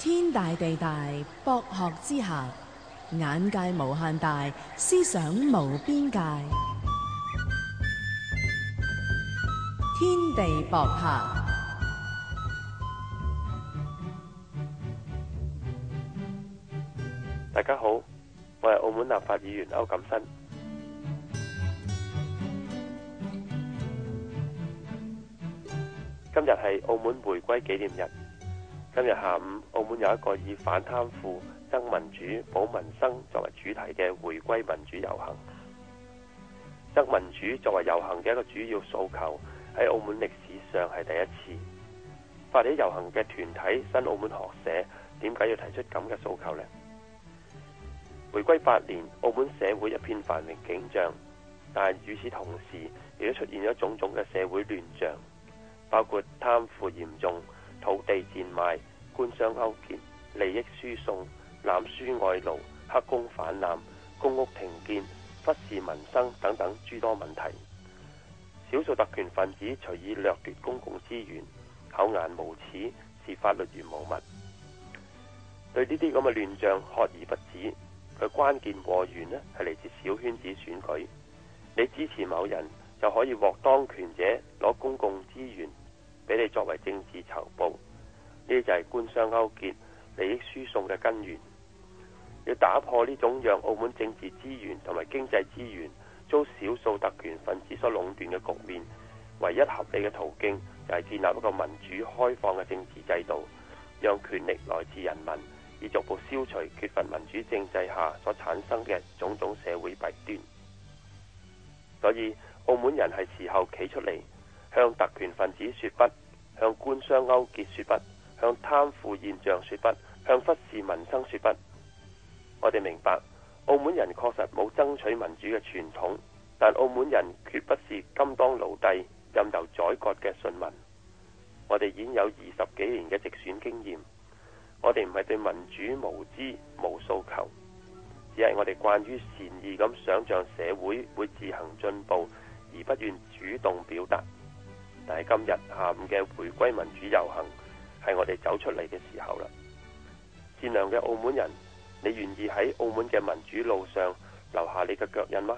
天大地大，博學之下，眼界無限大，思想無邊界。天地博客，大家好，我係澳門立法議員區錦新。今日係澳門回歸紀念日。今日下午，澳門有一個以反貪腐、爭民主、保民生作為主題嘅回歸民主遊行。爭民主作為遊行嘅一個主要訴求，喺澳門歷史上係第一次。發起遊行嘅團體新澳門學社，點解要提出咁嘅訴求呢？回歸八年，澳門社會一片繁榮景象，但係與此同時，亦都出現咗種種嘅社會亂象，包括貪腐嚴重。土地賤賣、官商勾結、利益輸送、濫輸外勞、黑工泛濫、公屋停建、忽視民生等等諸多問題，少數特權分子隨意掠奪公共資源，厚顏無恥，視法律如無物。對呢啲咁嘅亂象，學而不止，佢關鍵禍源呢係嚟自小圈子選舉。你支持某人，就可以獲當權者攞公共資源，俾你作為政治酬報，呢就係官商勾結、利益輸送嘅根源。要打破呢種讓澳門政治資源同埋經濟資源遭少數特權分子所壟斷嘅局面，唯一合理嘅途徑就係建立一個民主開放嘅政治制度，讓權力來自人民，以逐步消除缺乏民主政制下所產生嘅種種社會弊端。所以，澳門人係時候企出嚟。向特權分子說不，向官商勾結說不，向貪腐現象說不，向忽視民生說不。我哋明白，澳門人確實冇爭取民主嘅傳統，但澳門人絕不是甘當奴隸、任由宰割嘅信民。我哋已經有二十幾年嘅直選經驗，我哋唔係對民主無知無訴求，只係我哋慣於善意咁想象社會會會自行進步，而不願主動表達。但係今日下午嘅回歸民主遊行，係我哋走出嚟嘅時候啦。善良嘅澳門人，你願意喺澳門嘅民主路上留下你嘅腳印嗎？